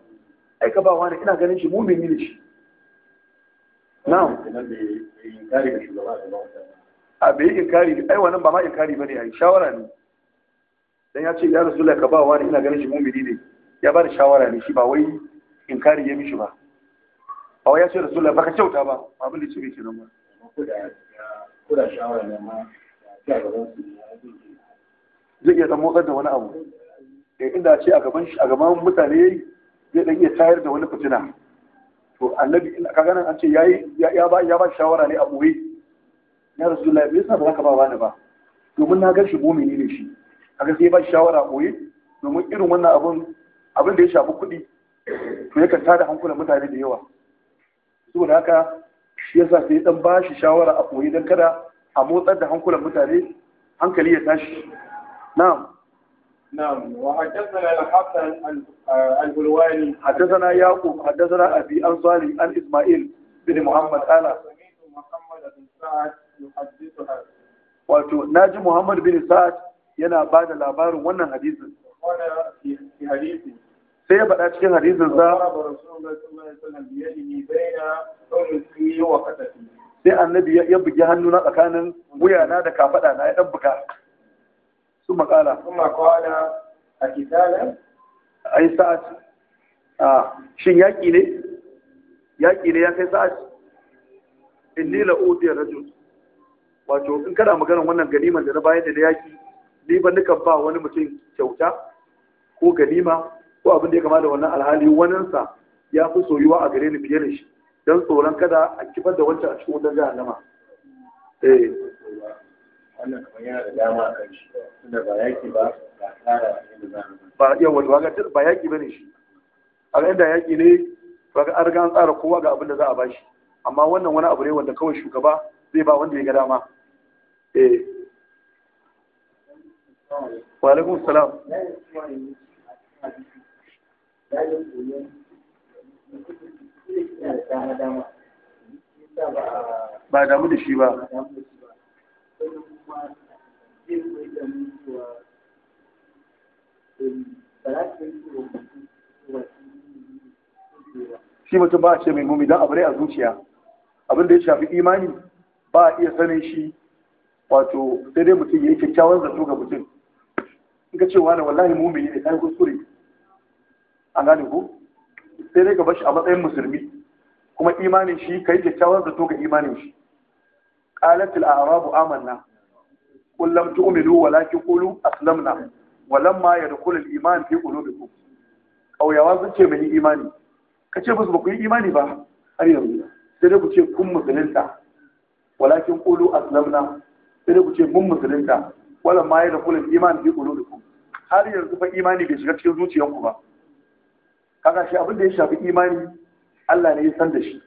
S1: ai ka ba wani ina ganin shi mumini ne shi na'am a bai inkari ai wannan ba ma inkari bane ai shawara ne dan ya ce ya rasula ka ba wani ina ganin shi mumini ne ya ba da shawara ne shi ba wai inkari ya mishi ba a wai ya ce rasula baka kyauta ba abin da ya ce bai nan ba
S2: ko da shawara ne ma
S1: ya ga zai iya dan motsar da wani abu eh, inda ce a gaban a gaban mutane yayi zai dan iya tayar da wani fitina to annabi ka ganin an ce yayi ya ba ya ba shawara ne a buwe ya rasulullahi bai sa ba ka ba wani ba domin na ga shi mumini ne shi kaga sai ba shawara a domin irin wannan abun abin da ya shafi kuɗi to yakan tada hankulan mutane da yawa saboda haka shi yasa sai dan ba shi shawara a boye dan kada a motsar da hankulan mutane hankali ya tashi نعم نعم وحدثنا الحسن البلواني حدثنا يعقوب حدثنا ابي انصاري عن اسماعيل بن محمد قال سمعت
S2: محمد بن سعد يحدثها
S1: wato naji Muhammad bin Sa'ad yana ba da labarin wannan hadisin
S2: sai ya
S1: faɗa cikin hadisin sa sai annabi ya bugi hannu na tsakanin wuyana da kafaɗa na ya ɗan buga ثم قال ثم قال أكتالا أي ساعة آه شن يأكي ya kai لي In ساعة إني لأوتي الرجل wato in kana magana wannan ganimar da na bayar da yaki ni ba nukan ba wani mutum kyauta ko ganima ko abin da ya kama da wannan alhali sa ya fi soyuwa a gare ni fiye da shi don tsoron kada a kifar da wancan a cikin wutar jahannama eh wannan kamar yana da dama kan shi ba yaƙi ba ba tsara yadda za mu ba yawa to ga ba yaki bane shi a ga inda yaƙi ne to ga an riga an tsara kowa ga abin da za a bashi amma wannan wani abu ne wanda kawai shugaba zai ba wanda ya ga dama eh wa alaikum salam ba damu da shi ba
S2: wani kuma zai koyi da mutuwa ba za su yi wa
S1: shi mutum ba a ce mai mumi don abu a zuciya abin da ya shafi imani ba a iya sanin shi wato sai dai mutum ya yi kyakkyawan zato ga mutum in ka ce na wallahi mumini ne yi kuskure A gane ku sai dai ka bashi a matsayin musulmi kuma imanin shi ka yi kyakkyawan zato ga imanin shi قالت الأعراب آمنا قل لم تؤمنوا ولكن قولوا أسلمنا ولما يدخل الإيمان في قلوبكم أو يوازن شيء من إيماني كشي بس بقي إيماني بها har yanzu sai dai ku ce kun musulunta walakin qulu aslamna sai dai ku ce mun musulunta wala ma ya dakula iman bi qulubikum har yanzu fa imani bai shiga cikin zuciyanku ba kaga shi abin da ya shafi imani Allah ne ya san da shi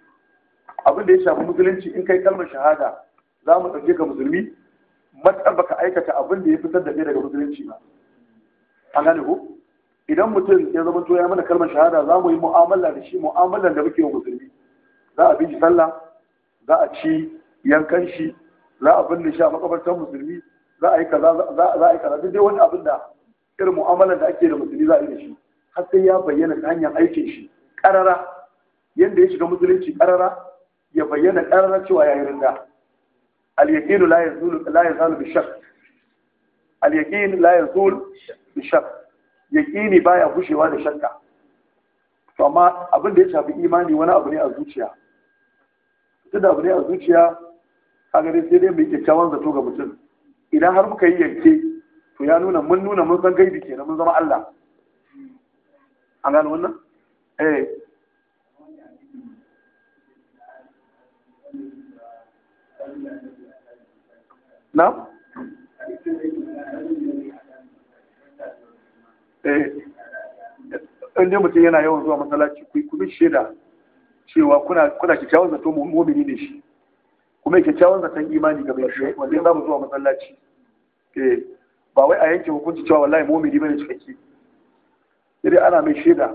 S1: abin da ya shafi musulunci in kai kalmar shahada za mu ɗauke ka musulmi ba baka aikata abin da ya fitar da ɗaya daga musulunci ba an gane ko idan mutum ya zama to ya mana kalmar shahada za mu yi mu'amala da shi mu'amalan da muke wa musulmi za a bi sallah za a ci yankan shi za a binne shi a makabartar musulmi za a yi kaza za a yi kaza duk dai wani abin da irin mu'amala da ake da musulmi za a yi da shi har sai ya bayyana ta hanyar aikin shi karara yanda ya shiga musulunci karara ya bayyana karara cewa ya yi rinda اليقين لا يزول لا يزال بالشك اليقين لا يزول بالشك la baya gushewa da shakka to amma abin da ya shafi imani wani abu ne a zuciya duk abu ne a zuciya kaga dai sai dai mai kyakkyawan zato ga mutum idan har muka yi yanke to ya nuna mun nuna mun san gaibi kenan mun zama
S2: Allah
S1: نعم eh inda mutum yana yawan zuwa masallaci ku kuma shaida cewa kuna kuna kyakkyawan zato mu'mini ne shi kuma kyakkyawan zaton imani ga mai shi wanda ya zuwa masallaci eh ba wai a yanke hukunci cewa wallahi mu'mini bane cikakke sai ana mai shaida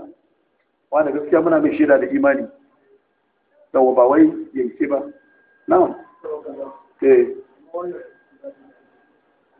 S1: wanda gaskiya muna mai shaida da imani yawa ba wai yanke ba na'am eh.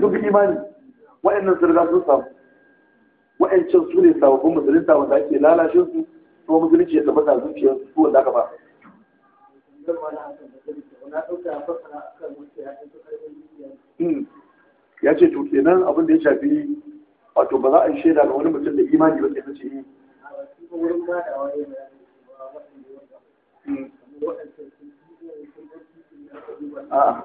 S1: Duk imani waɗannan sun riga sun samu waɗancan su ne sababbin musulunta wanda ake lalashe su kuma musulunci ya tabbata a zuciyar su wanda aka ba hmm. ya ce to kenan abin da ya shafi wato ba za a yi shaida ga wani mutum da imani ba kenan ce yi
S2: hmm. hmm. a'a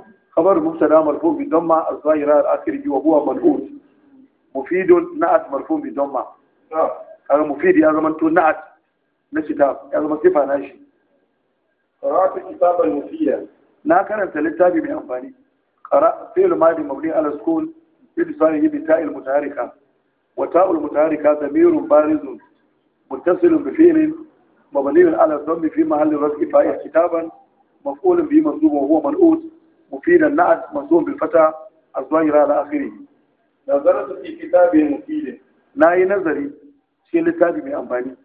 S1: خبر مبتدا مرفوع بالضمه الظاهره الاخر وهو منقول مفيد نعت مرفوع بالضمه هذا مفيد يا زمان تو نعت نشتاب يا زمان صفه ناشي قرات كتابا مفيدا na karanta littafi mai amfani fi'il madi mabni ala sukun bi lisani bi ta'il mutaharika wa ta'ul mutaharika damirun barizun muttasilun bi fi'lin mabniun ala dhammi fi mahalli raf'i fa'il kitaban maf'ulun bi mansubun مفيد النعت منصوب بالفتح الظاهر على آخره نظرت في كتاب مفيد ناي نظري شيء لتابي من أنباني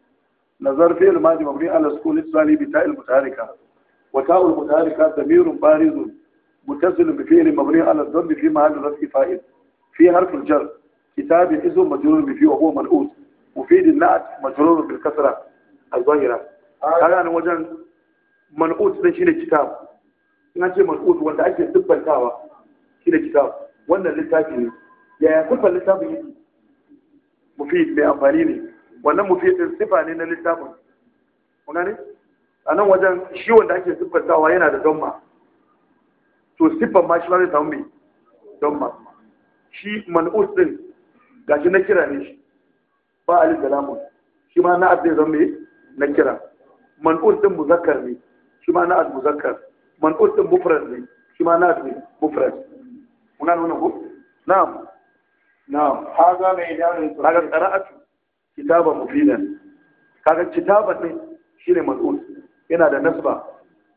S1: نظر في الماضي مبني على سكون الصالي بتاء المتحركة وتاء المتحركة ضمير بارز متصل بفعل مبني على الضم في محل رفع فاعل في حرف الجر كتاب اسم مجرور به وهو منقوص مفيد النعت مجرور بالكسرة الظاهرة هذا أنا وجن منقوص ده شيء كتاب Suna ce mal'ud wanda ake dubbantawa shi da kitab wannan littafi ne yaya siffar littafin yake mufid mai amfani ne wannan mufid din siffa ne na littafin kuna ne a nan wajen shi wanda ake dubbantawa yana da donma to siffan ma shi ma zai samu mai donma shi mal'ud din gashi na kira ne shi ba alif da lamun shi ma na'ar zai zama mai na kira man'ud din muzakkar ne shi ma na'at muzakkar manqus din mufrad ne shi ma na ne mufrad kuna nuna ko na'am na'am haza mai dalil kaga qira'atu kitaba mufidan kaga kitaba din shine manqus yana da nasba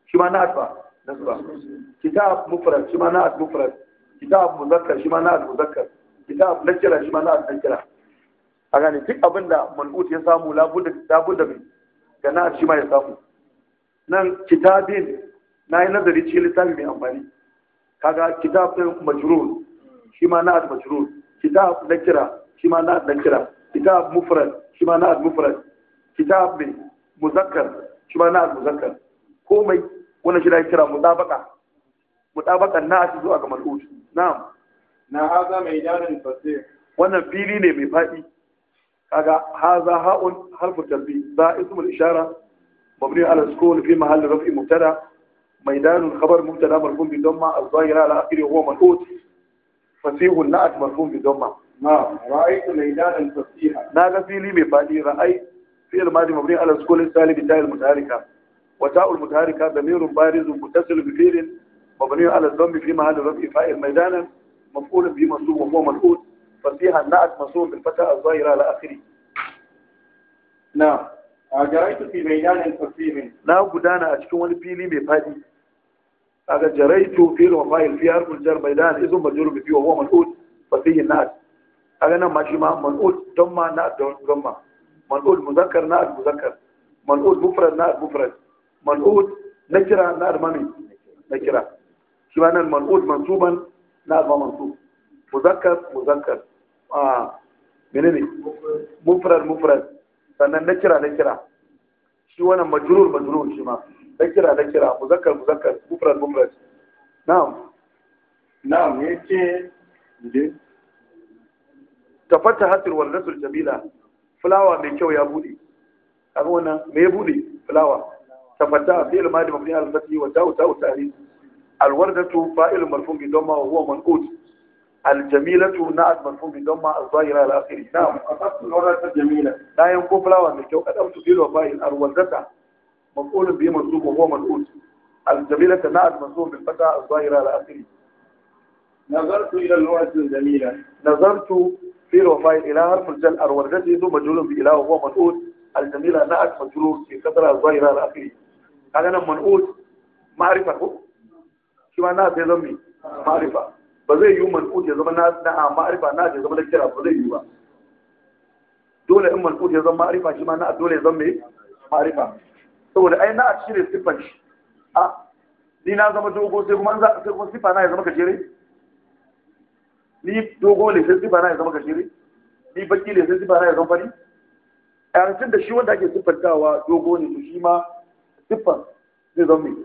S1: shi ma na asba nasba kitab mufrad shi ma na asba mufrad kitab muzakkar shi na asba muzakkar kitab nakira shi na asba nakira a gane duk abin da ya samu labudda labudda mai ga na shi ma ya samu nan kitabin na yi nazari cikin littafi mai amfani kaga kitab ɗin majrur shi ma na majrur kitab na kira shi ma na na kira kitab mufrad shi ma na mufrad kitab mai muzakkar shi ma na muzakkar komai wani shi da kira mutabaka mutabakan na shi zuwa ga mal'ud na'am na haza mai darin fasih wannan fili ne mai faɗi kaga haza ha'un harfu tabbi za ismul ishara mabni ala sukun fi mahalli raf'i mubtada ميدان الخبر مبتدا مرفوع بالضمه الظاهر على اخره وهو منقوط فسيح النعت مرفوع بالضمه نعم رايت ميدان الفصيحه نا في لي فادي راي في الماضي مبني على السكون السالب بتاع المتحركه وتاء المتحركه ضمير بارز متصل بفعل مبني على الضم في محل رفع فاعل ميدانا مفعول به منصوب وهو منقوط فسيح النعت منصوب بالفتاة الظاهر على اخره نعم أجريت آه، في ميدان الفصيح نعم gudana a في wani fili kaga jaraitu fi al-mafa'il fi harf al-jar maidan izun majrur bi wa huwa man'ut fa fihi nas kaga ma shi ma man'ut don ma na don gamma man'ut muzakkar na muzakkar man'ut mufrad na mufrad man'ut nakira na mami nakira shi ma nan man'ut mansuban na ba mansub muzakkar muzakkar ah menene mufrad mufrad sannan nakira nakira shi wannan majrur majrur shi ma nakira nakira muzakkar muzakkar mufrad mufrad na'am na'am yace tafatta hatir wardatul jamila fulawa mai kyau ya bude kaga wannan me ya bude fulawa tafatta fi'il madi mabni al fathi wa ta'u ta'u ta'rif al fa'il marfu' bi dhamma wa huwa manqut al jamilatu na'at marfu' bi dhamma al zahira al akhir na'am al wardatu jamila ko mai kyau الجميلة نعت منصور بالفتح الظاهرة على آخره نظرت إلى اللغة الجميلة نظرت في الوفاء إلى حرف الجل وردته ثم مجهول بإله وهو منقول الجميلة نعت مجهول في كثرة الظاهرة على آخره قال أنا منقول معرفة كما نعت يزمي معرفة بزي يوم منقول يزمي نعت نعم معرفة نعت يزم لكرة بزي يوم دولة إما منقول يزم معرفة كما نعت دولة يزم معرفة saboda ai na a cire siffar shi a ni na zama dogo sai kuma sai kuma sifa na ya zama gajere ni dogo ne sai sifa na ya zama gajere ni baki ne sai sifa na ya zama fari a yancin da shi wanda ake siffantawa dogo ne to shi ma siffan zai zama mai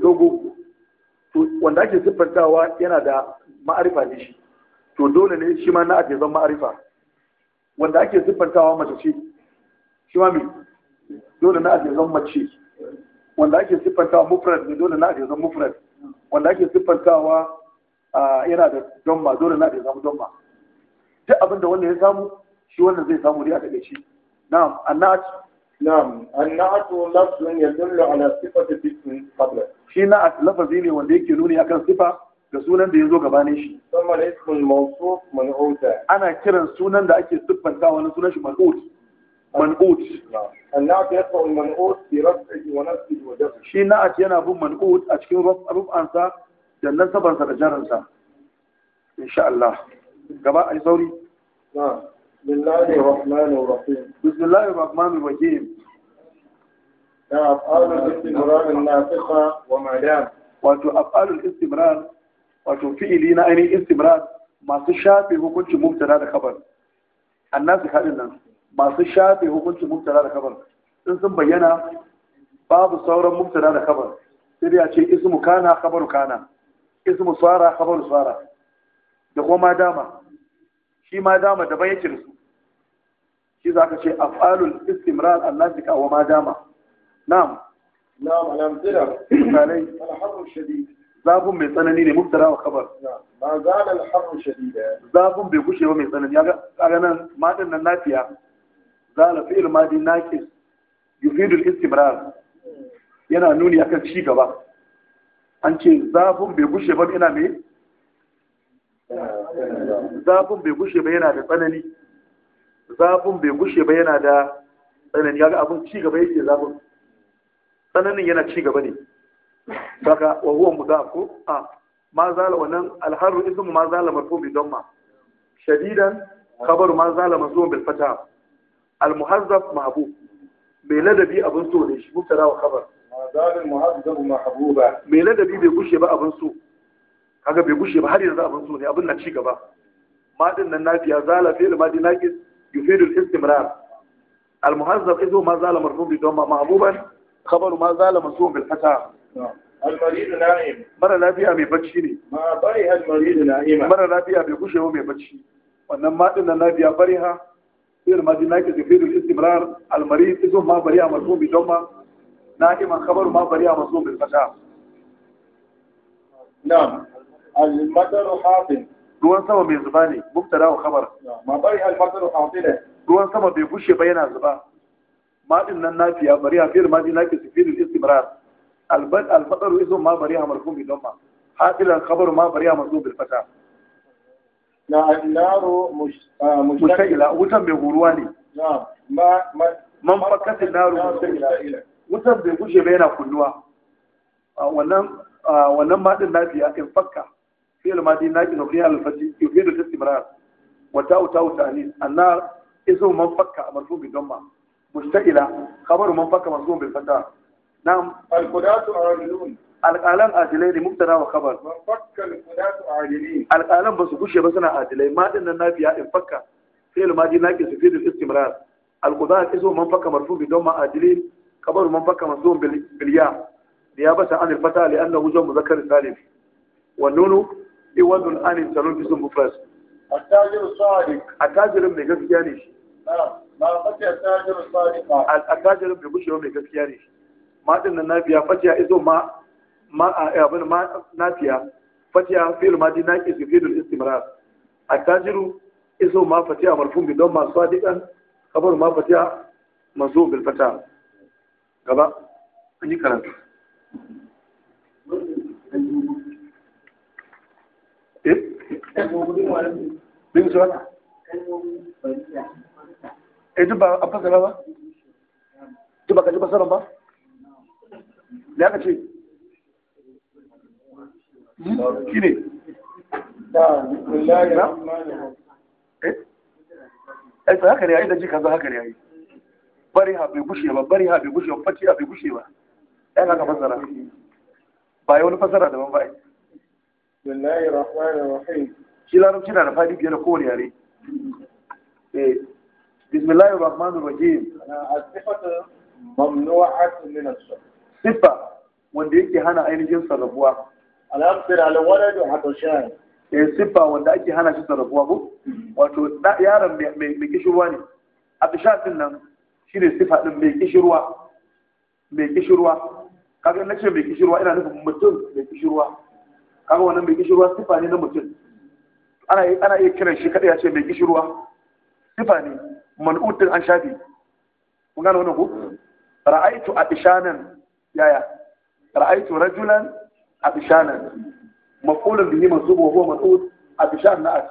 S1: dogo to wanda ake siffantawa yana da ma'arifa ne shi to dole ne shi ma na ake zama ma'arifa wanda ake siffantawa mace ce shi ma mai dole na ake zama mace wanda ake siffantawa mufrad ne dole na da zama mufrad wanda ake siffantawa yana da domma dole na da ya samu domma duk abinda wanda ya samu shi wannan zai samu ne a daga shi na'am annat na'am annat lafzun yadullu ala sifati bisin qabla shi na lafazi ne wanda yake nuni akan sifa da sunan da ya zo gabanin shi sama ismul mawsuf man'uta ana kiran sunan da ake siffantawa na sunan shi man'ut man'ut ya shi na'at yana bin man'ut a cikin rufansa da nasabansa da jaransa insha Allah gaba yi sauri بسم الله الرحمن الرحيم أفعال الاستمرار النافقة وما دام wato af'alul istimrar wato fi'ili na ainihin istimrar masu shafe hukuncin mubtada da khabar annasu hadin nan masu shafe hukuncin mubtada da kabar in sun bayyana babu sauran mubtada da kabar sai ya ce ismu kana kabaru kana ismu swara kabaru sara da kuma dama shi ma dama da bayyace da su shi za ka ce af'alul istimrar annasika wa ma dama na'am na'am alhamdulillah misalai alhamdu shadid Zafin mai tsanani ne mubtara wa kabar ba zalal harru shadida Zafin bai gushe ba mai tsanani ya ga nan maɗin nan lafiya zala fi'il madi naqis yufidu al-istimrar yana nuni akan ci gaba an ce zafin bai gushe ba yana mai zafin bai gushe ba yana da tsanani zafin bai gushe ba yana da tsanani ga abin ci gaba yake zafin tsananin yana ci gaba ne saka wa huwa mudaf ko a ma zala wannan alharu ismu ma zala marfu bi damma shadidan khabaru ma zala mazlum bil fatah al-muhazzab mahbub mai ladabi abin so ne shi mubtada wa khabar mazalil muhazzab mahbuba mai ladabi bai gushe ba abin so kaga bai gushe ba har yanzu abin so ne abin na ci gaba madin nan nafiya zala fi'l madi naqis yufidu al-istimrar al-muhazzab idhu ma zala marfu bi dhamma mahbuban khabaru ma zala mansub bil fatha mara lafiya mai bacci ne ma bariha al mara lafiya bai gushe ba mai bacci wannan madin nan nafiya غير ما دي ما كذبير الاستمرار المريض إذا ما بريا مرسوم بجمع نائما خبر ما بريا مرسوم بالفشاة نعم المدر حاطن دوان سوا من زباني مبتدا وخبر نعم. ما بريا المدر حاطنة دوان سوا بيبوش بينا زبان ما دي النافية بريا غير ما دي ما كذبير الاستمرار البدء المطر إذا ما بريا مرسوم بجمع حاطل الخبر ما بريا مرسوم بالفشاة na annaru ah, mushtaila wutan bai huruwa ne man fakasi naru mushtaila wutan bai gushe ba yana kunnuwa ah, wannan ah, wannan madin nafi akan fakka fi'il madi naqi na fi'il al-fati yufidu tasmira wa ta'u uta ta'nis annar izo man fakka marfu bi damma mushtaila khabaru man fakka masu bi fata na'am al-qudatu ar alƙalan adilai ne mubtada wa khabar alƙalan ba su gushe ba suna adilai ma din nan nafiya in fakka fi'il madi naqis fi al-istimrar al-qudat isu man fakka marfu bi ma Adilai kabar man fakka mansub bil ya da ya bata an al-fata li annahu jaw muzakkar salim wa nunu iwadun an salun fi sum mufrad at-tajir sadiq at-tajir mai gaskiya ne shi ma fati at-tajir sadiq at-tajir mai gushewa mai gaskiya ne shi ma din nan nafiya fati isu ma ma eh, abin ma nafiya fatiya madi naqis istimrar tajiru ma fatiya don sadiqan kabar ma fatiya bil fata gaba eh? eh, a fasara ba duba ka ji fasaran ba da aka ce shi ne eh? ai sai haka ne ai da ji kaza haka ne yi. bari ha bai gushe ba bari ha bai gushe ba fati ha bai gushe ba ai haka fasara ba yi wani fasara daban ba ai bismillahir rahmanir rahim shi larabci da fadi biyar kowane yare eh bismillahir rahmanir rahim as-sifatu mamnu'atun min as-sifah wanda yake hana ainihin sarrafuwa al'afir al'awara da hadashan eh siffa wanda ake hana shi sarrafuwa ko wato yaron mai kishirwa ne hadashan din nan shine siffa din mai kishirwa mai kishirwa kaga nace mai kishirwa ina nufin mutum mai kishirwa kaga wannan mai kishirwa siffa ne na mutum ana ana iya kiran shi kada ya ce mai kishirwa siffa ne man'utin an shafi kun gane wannan ko ra'aitu abishanan yaya ra'aitu rajulan Abishanan, maqulun bihi masu wa huwa mas'ud abishan na'at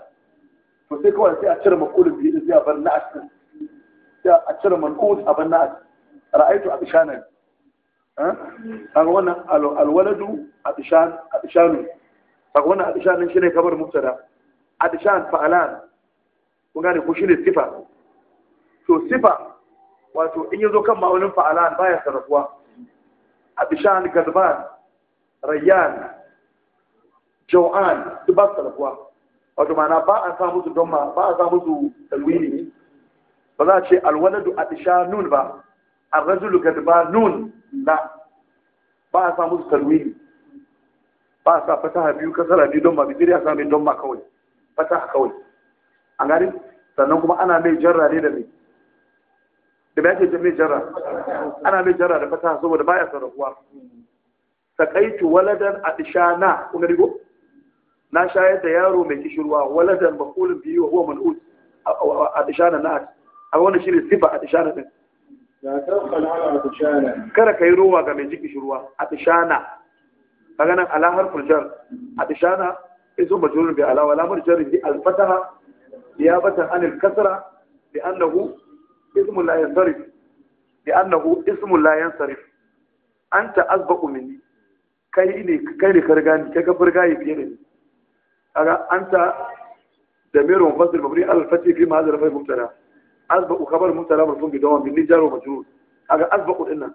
S1: to sai kawai sai a cire maqulun bihi sai a bar na'at din sai a cire man'ut a bar na'at ra'aytu abishana eh? kaga wannan alwaladu abishanu, a kaga wannan shi ne kamar mubtada abishan fa'alan kun gane ko ne sifa to sifa wato in yazo kan ma'aunin fa'alan baya sarrafuwa abishan gadban rayyan jo'an duk ba su talakuwa wato ma'ana ba a sa musu don ma ba a sa musu talwini ba za a ce alwaladu a isha nun ba ga ba nun na. ba a sa musu talwini ba a sa fataha biyu kasara biyu don ma bijiri a sa don ma kawai fataha kawai an gani sannan kuma ana mai jarra ne da mai da ba yake mai jarra ana mai jarra da fataha saboda baya sarrafuwa sakaitu waladan atishana kun gani ko na shayar da yaro mai kishirwa waladan maqulun biyu huwa man'ut atishana na a wannan shine sifa atishana din kada ka yi rowa ga mai ji kishirwa atishana kaga nan ala harful jar atishana isu majrurun bi ala wala marjar bi al fataha niyabatan an al kasra bi annahu ismun la yansarif bi annahu ismun la yansarif anta asbaqu minni kai ne kai ne karga ni kai ka farga yi fiye da ni kaga anta da mero mufassir mabni al fati fi mahall rafi mubtada asbaqu khabar mubtada marfun bi dawam bin nijar wa majrur kaga asbaqu dinnan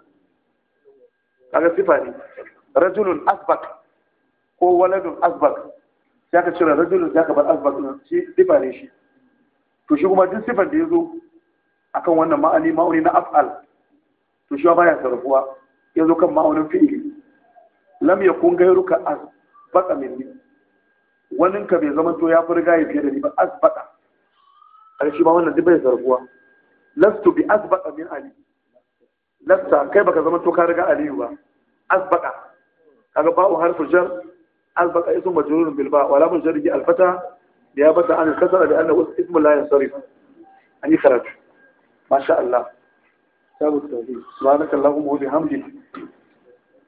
S1: kaga sifa sifani, rajulun asbaq ko waladun asbaq Ya ka cire rajulun sai ka bar asbaq na shi sifa shi to shi kuma duk sifar da a kan wannan ma'ani ma'auni na af'al to shi ba ya sarrafuwa yazo kan ma'aunin fi'ili lam yakun gairuka azbaqa minni wannan ka bai zama to ya furga ya fiye da ni ba azbaqa karshe ba wannan duk bai zarguwa lastu bi azbaqa min ali lasta kai baka zama to ka riga aliyu ba azbaqa kaga ba'u harfu jar azbaqa ismu majrurun bil ba wala mun jarri al fata ya bata an kasara da annahu ismu la yansarif an yi karatu masha Allah sabu tawhid subhanakallahumma wa bihamdika